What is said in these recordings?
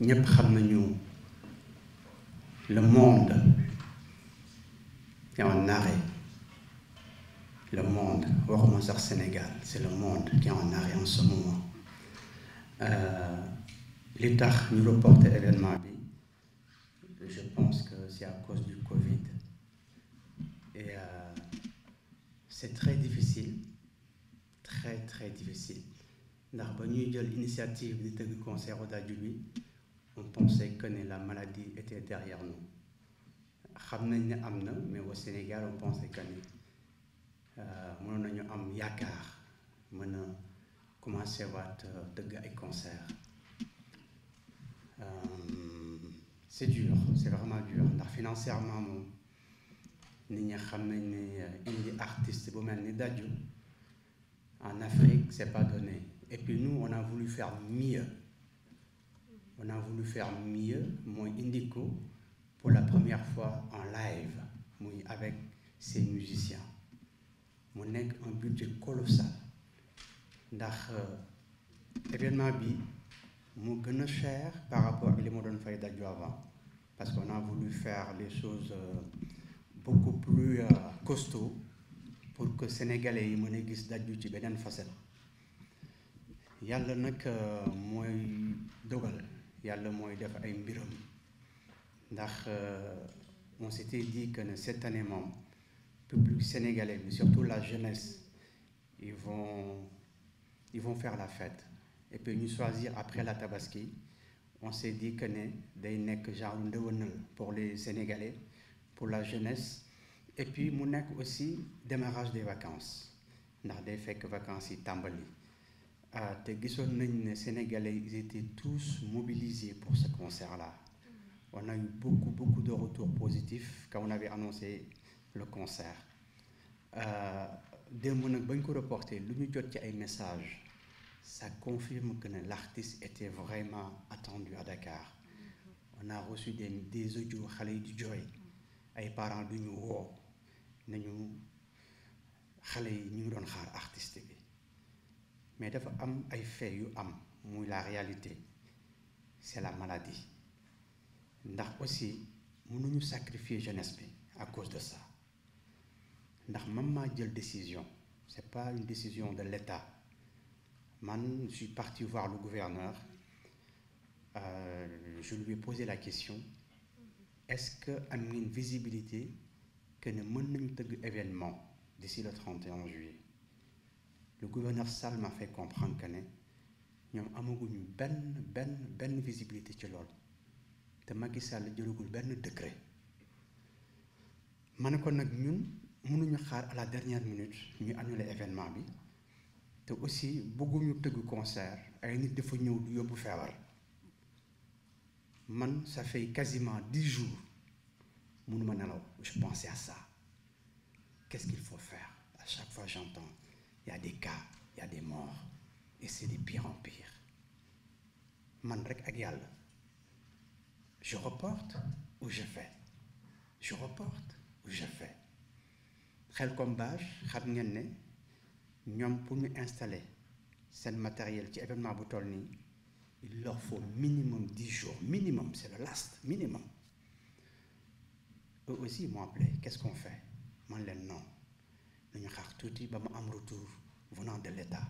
ñépp xam nañu le monde est en arrêt le monde waxuma Sénégal c'est le monde qui est en arrêt en ce moment euh, li tax ñu événement bi je pense que c'est à cause du Covid et euh, c'est très difficile très très difficile ndax ba ñuy jël initiative di tëgg concert Oda Diouf bi on pensait que ne la maladie était derrière nous xam nañ ne am na mais au Sénégal on pensait que ne euh, mënoon nañu am yaakaar mën a commencé waat dëgg euh, ay concert euh, c'est dur c'est vraiment dur ndax financièrement moom nit ñi xam nañ ne indi artiste bu mel ni Dadju en Afrique c'est pas donné et puis nous on a voulu faire mieux on a voulu faire mieux mooy indi pour la première fois en live muy avec ces musiciens mu nekk un budget colossal ndax euh, événement bi mu gën a cher par rapport li ma doon fay daju avant parce qu'on a voulu faire les choses euh, beaucoup plus euh, costaud pour que sénégalais yi mën a gis daju ci beneen facette yàlla nag mooy dogal yàlla mooy def ay mbiram ndax euh, on s'était dit que ne cette année moom public sénégalais mais surtout la jeunesse ils vont ils vont faire la fête et puis ñu choisir après la tabaski on s'est dit que ne day nekk genre ndëwënal pour les sénégalais pour la jeunesse et puis mu nekk aussi démarrage des vacances ndax day fekk vacances yi tàmbali ah te gisoon nañ ne Sénégalais ils étaient tous mobilisés pour ce concert-là mm-hmm. on a eu beaucoup beaucoup de retours positifs quand on avait annoncé le concert euh, démb nag bañ ko reporté lu ñu jot ci ay messages sa confirme que ne l'artiste était vraiment attendu à Dakar mm-hmm. on a reçu des des audios xale yi di jooy mm-hmm. ay parent du ñu woo nañu xale yi ñu ngi doon xaar artiste bi. mais dafa am ay fait yu am muy la réalité c'est la maladie ndax aussi mënuñu sacrifier jeunesse bi à cause de ça ndax man maa jël décision c'est pas une décision de l'État man je suis parti voir le gouverneur euh, je lui ai posé la question est-ce que am ngeen visibilité que ne mën nañu tëgg événement d'ici le 31 juillet le gouverneur Sall m'a fait comprendre que ne ñoom amaguñu benn benn benn visibilité ci loolu te Macky Sall jëlagul benn décret ma ne ko nag ñun mënuñu xaar a la dernière minute ñu annuler événement bi te aussi bëgguñu tëgg concert ay nit dafa ñëw du yóbbu feebar man ça fait quasiment dix jours mënuma nelaw je pensais à ça qu'est-ce qu'il faut faire à chaque fois j'entends il de a des cas il y a des morts et c'est de pire en pire man rekk ak yàlla je reporte ou je fais je reporte ou je fais xel comme bâche xam ngeen ne ñoom pour ñu installer seen matériel ci événement bu toll nii il leur faut minimum dix jours minimum c'est le last minimum aussi m'ont appelé qu'est-ce qu'on fait man leen non nañu xaar tuuti ba ma am retour venant de l'État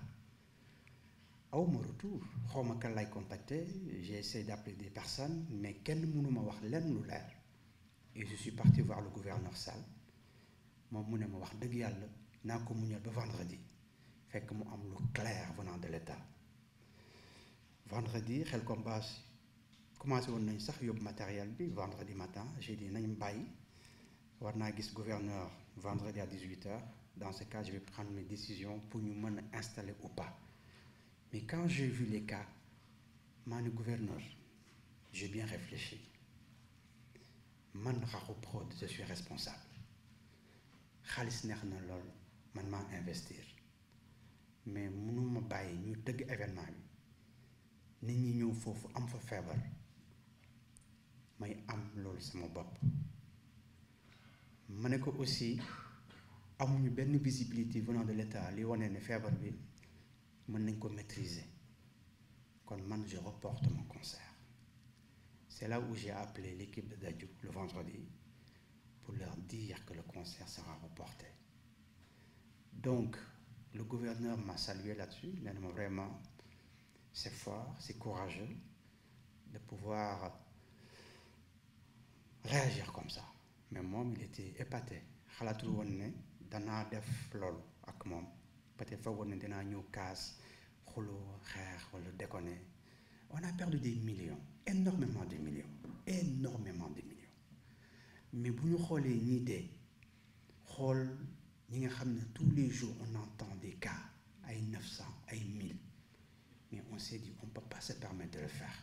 aw ma retour ma kan lay contacter j'ai essayé d'appeler des personnes mais kenn mënuma wax lenn lu leer et je suis parti voir moom mu ne ma wax dëgg yàlla naa ko muñal ba vendredi fekk mu am lu clair venant de vendredi xel comme bâche commencé woon nañ sax yóbbu matériel bi vendredi matin j'ai dit nañ bàyyi war naa gis gouverneur vendredi à 18 heures dans ce cas, je vais prendre mes décisions pour mën mener installer ou pas. Mais quand j'ai vu les cas, moi, le gouverneur, j'ai bien réfléchi. Man Raroprod, je suis responsable. neex na lool man m'a investir. Mais nous ma baye, nous teg événement. ñi n'y foofu am fa feebar Mais am lol, c'est mon bop. Maneko aussi, amuñu benn visibilité venant de l'État li wane ne feebar bi mën nañ ko maîtriser kon man je reporte mon concert c'est là où j'ai appelé l'équipe de Dadju le vendredi pour leur dire que le concert sera reporté donc le gouverneur m'a salué là-dessus nee na vraiment c'est fort c'est courageux de pouvoir réagir comme ça mais moom il était épaté xalaatul woon ne danaa def loolu ak moom peut-être foogoon ne danaa ñëw kaas xuloo xeex walla déconner on a perdu des millions énormément de millions énormément de millions mais bu ñu xoolee ñii dee xool ñi nga xam ne tous les jours on entend des cas ay neuf cent ay mille mais on s'est dit on peut pas se permettre de le faire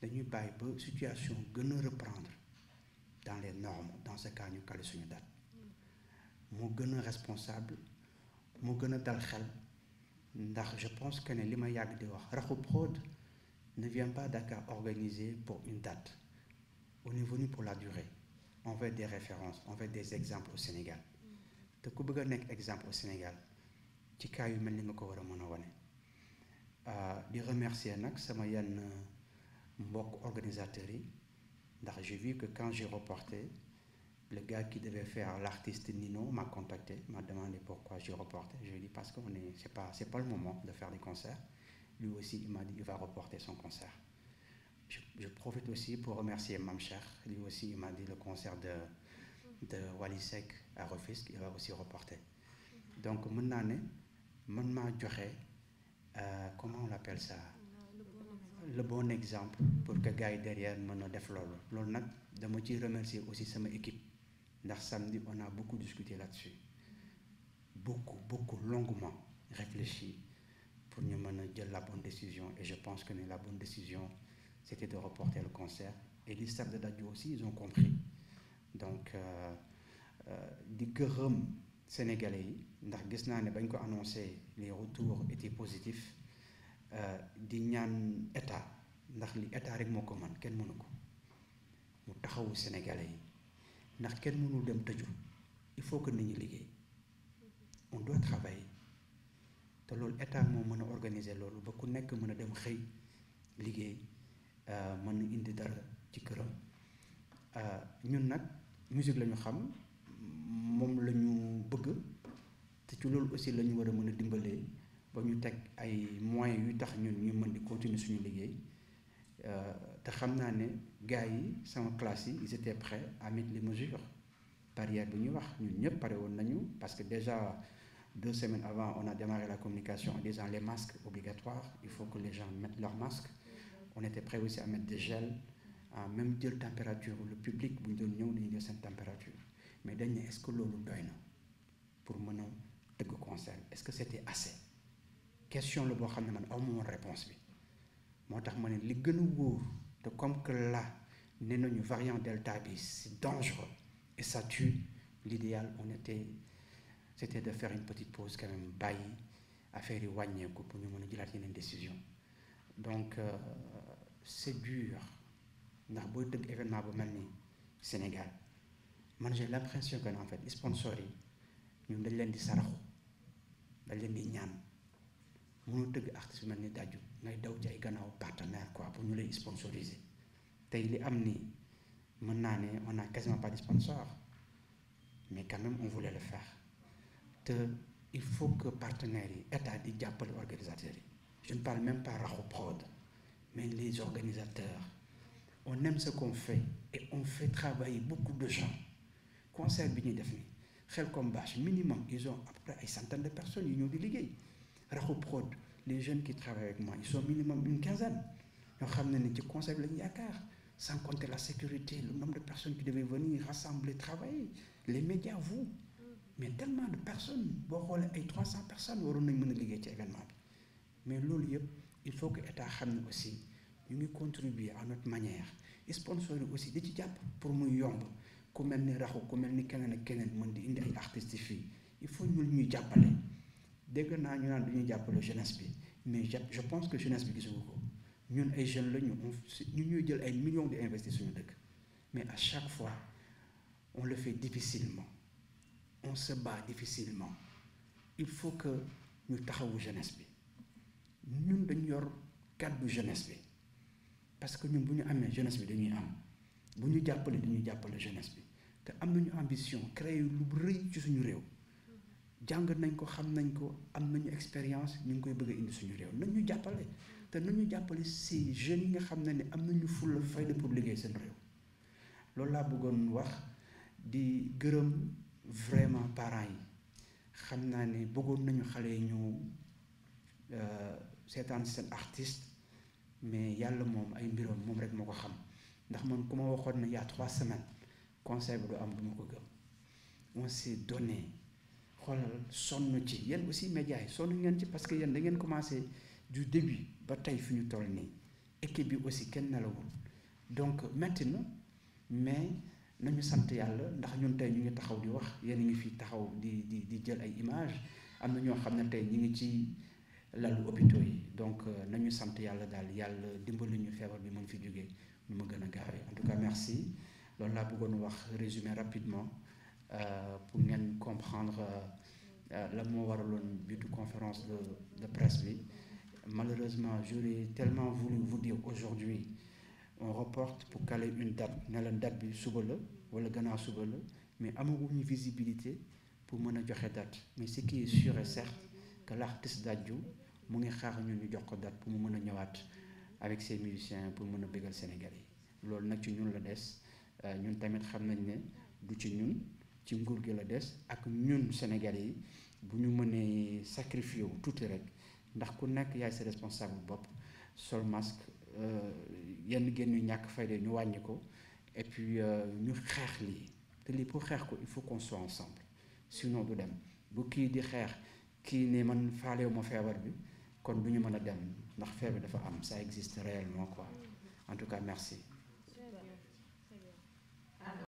dañuy bàyyi ba situation gën a reprendre dans les normes dans ce cas ñu kale suñu date moo gën a responsable moo gën a dal xel ndax je pense que ne li ma yàgg di wax raxu prod ne vient pas Dakar organiser pour une date on est venu pour la durée on veut des références on veut des exemples au Sénégal te ku bëgg a nekk exemple au Sénégal ci cas yu mel ni nga ko war a mën a wane ah, di remercier nag sama yenn mbokk organisateurs yi ndax j'ai vu que quand j'ai reporté Le gars qui devait faire l'artiste Nino m'a contacté, m'a demandé pourquoi je reportais. Je lui parce que ce n'est pas, pas le moment de faire des concerts. Lui aussi, il m'a dit qu'il va reporter son concert. Je, profite aussi pour remercier Mamcher. Lui aussi, il m'a dit le concert de, de Walisek à Rufisque, il va aussi reporter. Donc, mon année, mon comment on l'appelle ça le bon exemple pour que gars yi derrière mën a def loolu loolu nag dama ciy remercier aussi sama équipe ndax samedi on a beaucoup discuté là-dessus beaucoup beaucoup longuement réfléchi pour ñu mën a jël la bonne décision et je pense que la bonne décision c'était de reporter le concert et les staff de Dadju aussi ils ont compris donc euh, euh, di gërëm sénégalais yi ndax gis naa ne bañ ko annoncé les retours étaient positifs euh, di ñaan état ndax li état rek moo ko man kenn mënu ko mu taxawu sénégalais yi ndax kenn mënul dem tëju il faut que nit ñi liggéey on doit travailler te loolu état moo mën a organiser loolu ba ku nekk mën a dem xëy liggéey euh, mën na indi dara ci këram euh, ñun nag musique la ñu xam moom la ñu bëgg te ci loolu aussi la ñu war a mën a dimbalee ba ñu teg ay moyens yuy tax ñun ñu mën di continuer suñu liggéey euh, te xam naa ne gars yi sama classe yi ils étaient prêts à mettre les mesures barrières bi ñuy wax ñu ñëpp pare woon nañu parce que déjà deux semaines avant on a démarré la communication en disant les masques obligatoires il faut que les gens mettent leurs masques on était prêts aussi à mettre des gels à même jël température le publique bu ñu doon ñëw dañu jël seen température mais dañ ne est-ce que loolu doy na pour mën a tëgg concert est-ce que c'était assez question la boo xam ne aw ma woon bi a te comme que là nee nañu variant delta bi c'est dangereux et ça tue l'idéal on était c'était de faire une petite pause quand même bàyyi affaire yu wàññeeku pour ñu mën a jëlaat yeneen décision donc euh, c'est dur ndax booy tëgg événement bu mel ni Sénégal man j'ai l'impression que en fait sponsors yi ñun dañ leen di saraxu dañ leen di ñaan mënoo tëgg artiste mel ni daju ngay daw ci ay gannaaw partenaire quoi pour ñu lay sponsoriser tey li am nii mën naa ne on a quasiment pas de sponsor mais quand on voulait le faire te il faut que partenaires yi état di jàppale organisateurs yi je par parle même pas Raxu mais les organisateurs on aime ce qu'on fait et on fait travailler beaucoup de gens concert bi ñuy def nii xel comme bâche minimum ils ont à peu près ay centaines de personnes yu ñëw di liggéey raxu prod les jeunes qui travaillent avec moi ils sont minimum une quinzaine ñoo xam na ni ci conseil bi la ñu yaakaar sans compter la sécurité le nombre de personnes qui devaient venir rassembler travailler les médias vous mais tellement de personnes boo xoolee ay 300 personnes waroon nañ mën a liggéey ci événement bi mais loolu yëpp il faut que état xam ne aussi ñu ngi contribuer à notre manière sponsor yi aussi di ci jàpp pour muy yomb ku mel ni raxu ku mel ni keneen ak keneen mën di indi ay artistes fii il faut ñun ñuy jàppale. dégg naa ñu naan du ñuy jàppale jeunesse bi mais je pense que jeunesse bi gisuñu ko ñun ay jeunes la ñu ñu ñuy jël ay million di investir suñu dëkk mais à chaque fois on le fait difficilement on se bat difficilement il faut que ñu taxawu jeunesse bi ñun dañu yor kàddu jeunesse bi parce que ñun bu ñu amee jeunesse bi dañuy am bu ñu jàppale dañuy jàppale jeunesse bi te am nañu ambition créer lu rëy ci suñu réew. jàng nañ ko xam nañ ko am nañu expérience ñu ngi koy bëgg a indi suñu réew nañ jàppale te nañ ñu jàppale si jeunes yi nga xam ne ni am nañu fulla fayda pour liggéey seen réew loolu laa bëggoon wax di gërëm vraiment parents yi xam naa ne bëggoon nañu xale yi ñu euh, seetaan seen artiste mais yàlla moom ay mbiroom moom rek moo ko xam ndax man ku ma waxoon ne y trois semaines conseil bi du am du ma ko gëm on s'est donné xoolal sonn ci yéen aussi médias yi sonn ngeen ci parce que yéen da ngeen commencé du ba tey fi ñu toll nii équipe bi aussi kenn nelawul donc mais na ñu nañu sant yàlla ndax ñun tey ñu ngi taxaw di wax yéen a ngi fi taxaw di di di jël ay image am na ñoo xam ne tey ñu ngi ci lalu hôpitaux yi donc nañu sant yàlla daal yàlla dimbali ñu feebar bi mën fi jógee nu mu gën a gaawee en tout cas merci loolu laa bëggoon wax résumé rapidement Euh, pour ngeen comprendre euh, euh, lan moo waraloon bitu conférence de de bi malheureusement j'aurais tellement voulu vous dire aujourd'hui on reporte pour caler une date ne leen date bi suba la wala gannaaw suba la mais amaguñu visibilité pour mën a joxe date mais ce qui est sûr et certain que l'artiste Dadju mu ngi xaar ñu ñu jox ko date pour mu mën a ñëwaat avec ses musiciens pour mën a bégal Sénégal yi loolu nag ci ñun la des ñun tamit xam nañ ne du ci ñun. ci nguur gi la des ak ñun sénégal yi bu ñu mënee sacrifié wu tuuti rek ndax ku nekk yaay sa responsable bopp sol masque euh, yenn génn ñu ñàkk fayda ñu wàññi ko et puis euh, ñu xeex lii te lii pour xeex ko il faut qu'on soit ensemble sinon du dem bu kii di xeex kii ne man faalewu ma feebar bi kon du ñu mën a dem ndax feebar dafa am ça existe réellement quoi en tout cas merci